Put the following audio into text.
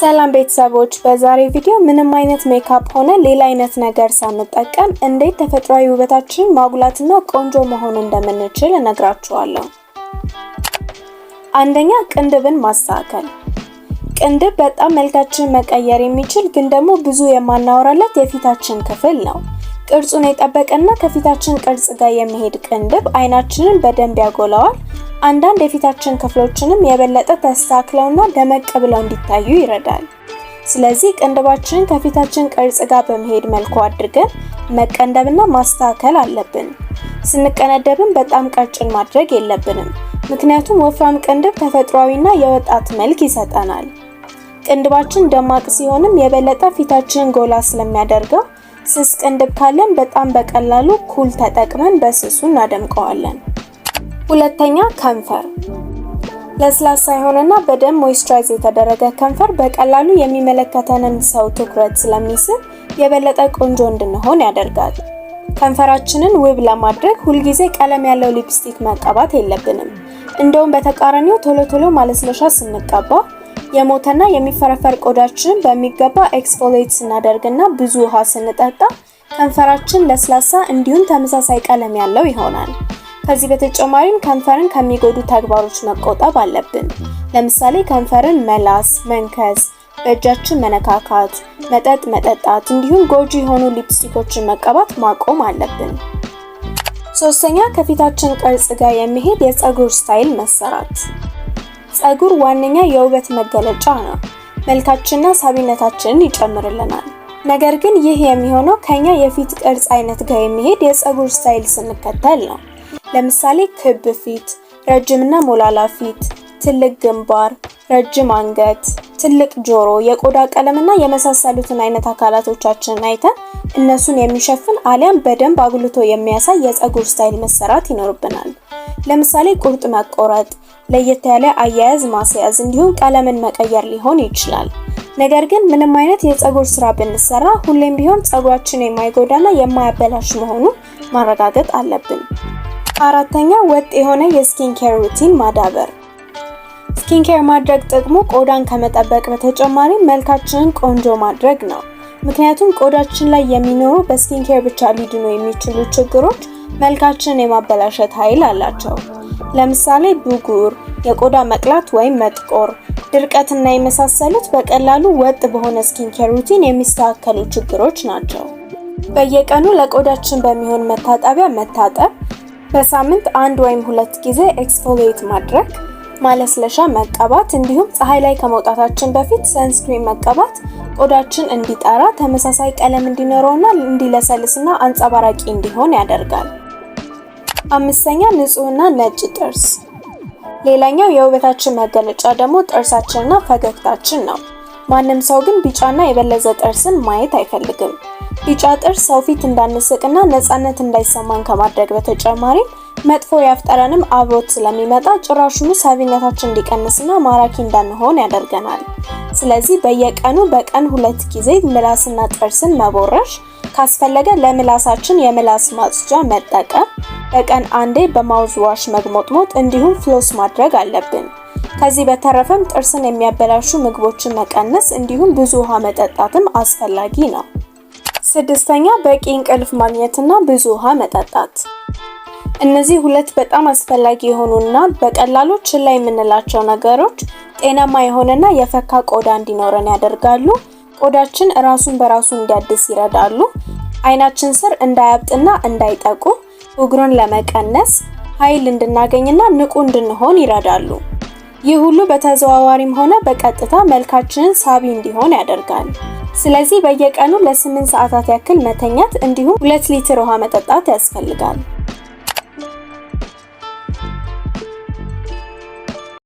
ሰላም ቤተሰቦች፣ በዛሬ ቪዲዮ ምንም አይነት ሜካፕ ሆነ ሌላ አይነት ነገር ሳንጠቀም እንዴት ተፈጥሯዊ ውበታችንን ማጉላትና ቆንጆ መሆን እንደምንችል እነግራችኋለሁ። አንደኛ ቅንድብን ማስተካከል። ቅንድብ በጣም መልካችንን መቀየር የሚችል ግን ደግሞ ብዙ የማናወራለት የፊታችን ክፍል ነው። ቅርጹን የጠበቀና ከፊታችን ቅርጽ ጋር የሚሄድ ቅንድብ አይናችንን በደንብ ያጎላዋል፣ አንዳንድ የፊታችን ክፍሎችንም የበለጠ ተስተካክለውና ደመቅ ብለው እንዲታዩ ይረዳል። ስለዚህ ቅንድባችንን ከፊታችን ቅርጽ ጋር በመሄድ መልኩ አድርገን መቀንደብና ማስተካከል አለብን። ስንቀነደብን በጣም ቀጭን ማድረግ የለብንም፣ ምክንያቱም ወፍራም ቅንድብ ተፈጥሯዊና የወጣት መልክ ይሰጠናል። ቅንድባችን ደማቅ ሲሆንም የበለጠ ፊታችንን ጎላ ስለሚያደርገው ስስ ቅንድብ ካለን በጣም በቀላሉ ኩል ተጠቅመን በስሱ እናደምቀዋለን። ሁለተኛ ከንፈር ለስላሳ የሆነና በደንብ ሞይስቸራይዝ የተደረገ ከንፈር በቀላሉ የሚመለከተንን ሰው ትኩረት ስለሚስብ የበለጠ ቆንጆ እንድንሆን ያደርጋል። ከንፈራችንን ውብ ለማድረግ ሁልጊዜ ቀለም ያለው ሊፕስቲክ መቀባት የለብንም። እንደውም በተቃራኒው ቶሎ ቶሎ ማለስለሻ ስንቀባ የሞተና የሚፈረፈር ቆዳችንን በሚገባ ኤክስፎሌት ስናደርግና ብዙ ውሃ ስንጠጣ ከንፈራችን ለስላሳ እንዲሁም ተመሳሳይ ቀለም ያለው ይሆናል። ከዚህ በተጨማሪም ከንፈርን ከሚጎዱ ተግባሮች መቆጠብ አለብን። ለምሳሌ ከንፈርን መላስ፣ መንከስ፣ በእጃችን መነካካት፣ መጠጥ መጠጣት እንዲሁም ጎጂ የሆኑ ሊፕስቲኮችን መቀባት ማቆም አለብን። ሶስተኛ ከፊታችን ቅርጽ ጋር የሚሄድ የፀጉር ስታይል መሰራት። ፀጉር ዋነኛ የውበት መገለጫ ነው። መልካችንና ሳቢነታችንን ይጨምርልናል። ነገር ግን ይህ የሚሆነው ከኛ የፊት ቅርጽ አይነት ጋር የሚሄድ የፀጉር ስታይል ስንከተል ነው። ለምሳሌ ክብ ፊት፣ ረጅምና ሞላላ ፊት፣ ትልቅ ግንባር፣ ረጅም አንገት፣ ትልቅ ጆሮ፣ የቆዳ ቀለምና የመሳሰሉትን አይነት አካላቶቻችንን አይተን እነሱን የሚሸፍን አሊያም በደንብ አጉልቶ የሚያሳይ የፀጉር ስታይል መሰራት ይኖርብናል። ለምሳሌ ቁርጥ መቆረጥ፣ ለየት ያለ አያያዝ ማስያዝ፣ እንዲሁም ቀለምን መቀየር ሊሆን ይችላል። ነገር ግን ምንም አይነት የፀጉር ስራ ብንሰራ ሁሌም ቢሆን ፀጉራችን የማይጎዳና የማያበላሽ መሆኑን ማረጋገጥ አለብን። አራተኛ ወጥ የሆነ የስኪን ኬር ሩቲን ማዳበር። ስኪን ኬር ማድረግ ጥቅሙ ቆዳን ከመጠበቅ በተጨማሪ መልካችንን ቆንጆ ማድረግ ነው። ምክንያቱም ቆዳችን ላይ የሚኖሩ በስኪን ኬር ብቻ ሊድኑ የሚችሉ ችግሮች መልካችንን የማበላሸት ኃይል አላቸው። ለምሳሌ ብጉር፣ የቆዳ መቅላት ወይም መጥቆር፣ ድርቀትና የመሳሰሉት በቀላሉ ወጥ በሆነ ስኪን ኬር ሩቲን የሚስተካከሉ ችግሮች ናቸው። በየቀኑ ለቆዳችን በሚሆን መታጠቢያ መታጠብ በሳምንት አንድ ወይም ሁለት ጊዜ ኤክስፎሊየት ማድረግ፣ ማለስለሻ መቀባት እንዲሁም ፀሐይ ላይ ከመውጣታችን በፊት ሰንስክሪን መቀባት ቆዳችን እንዲጠራ ተመሳሳይ ቀለም እንዲኖረውና እንዲለሰልስና አንጸባራቂ እንዲሆን ያደርጋል። አምስተኛ ንጹህና ነጭ ጥርስ። ሌላኛው የውበታችን መገለጫ ደግሞ ጥርሳችንና ፈገግታችን ነው። ማንም ሰው ግን ቢጫና የበለዘ ጥርስን ማየት አይፈልግም። ቢጫ ጥርስ ሰው ፊት እንዳንስቅና ነፃነት እንዳይሰማን ከማድረግ በተጨማሪ መጥፎ ያፍጠረንም አብሮት ስለሚመጣ ጭራሹኑ ሳቢነታችን እንዲቀንስና ማራኪ እንዳንሆን ያደርገናል። ስለዚህ በየቀኑ በቀን ሁለት ጊዜ ምላስና ጥርስን መቦረሽ ካስፈለገ ለምላሳችን የምላስ ማጽጃ መጠቀም፣ በቀን አንዴ በማውዝዋሽ ዋሽ መግሞጥሞጥ እንዲሁም ፍሎስ ማድረግ አለብን። ከዚህ በተረፈም ጥርስን የሚያበላሹ ምግቦችን መቀነስ እንዲሁም ብዙ ውሃ መጠጣትም አስፈላጊ ነው። ስድስተኛ በቂ እንቅልፍ ማግኘትና ብዙ ውሃ መጠጣት። እነዚህ ሁለት በጣም አስፈላጊ የሆኑና በቀላሉ ችላ የምንላቸው ነገሮች ጤናማ የሆነና የፈካ ቆዳ እንዲኖረን ያደርጋሉ። ቆዳችን ራሱን በራሱ እንዲያድስ ይረዳሉ። አይናችን ስር እንዳያብጥና እንዳይጠቁ፣ ብጉርን ለመቀነስ ኃይል እንድናገኝና ንቁ እንድንሆን ይረዳሉ። ይህ ሁሉ በተዘዋዋሪም ሆነ በቀጥታ መልካችንን ሳቢ እንዲሆን ያደርጋል። ስለዚህ በየቀኑ ለስምንት ሰዓታት ያክል መተኛት እንዲሁም ሁለት ሊትር ውሃ መጠጣት ያስፈልጋል።